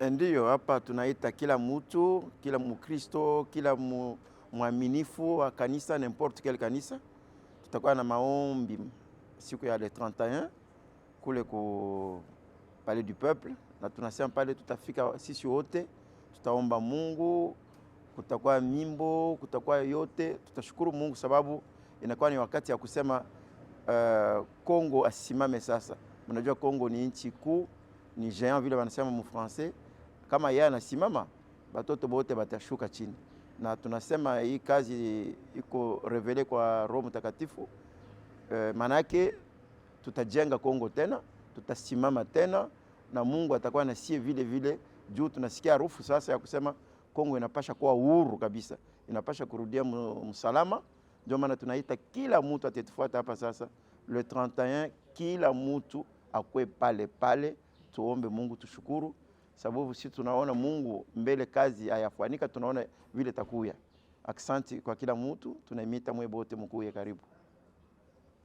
Eh, ndiyo, hapa tunaita kila mtu, kila Mkristo, kila mwaminifu wa kanisa, n'importe quel kanisa, tutakuwa na maombi siku ya le 31 kule ku Palais du Peuple, na tunasema pale tutafika sisi wote, tutaomba Mungu, kutakuwa mimbo, kutakuwa yote, tutashukuru Mungu sababu inakuwa ni wakati ya kusema uh, Kongo asimame sasa. Mnajua Kongo ni nchi kuu, ni géant vile wanasema mu français kama yeye anasimama, batoto bote batashuka chini, na tunasema hii kazi iko revele kwa Roho Mtakatifu e, manake tutajenga Kongo tena, tutasimama tena na Mungu atakuwa nasie vile vile, juu tunasikia harufu sasa ya kusema Kongo inapasha kuwa uhuru kabisa, inapasha kurudia msalama. Ndio maana tunaita kila mtu atetufuata hapa sasa le 31, kila mtu akwe pale pale, tuombe Mungu, tushukuru sababu sisi tunaona Mungu mbele kazi ayafanika, tunaona vile takuya. Aksanti kwa kila mtu, tunaimita mwebote mkuye karibu.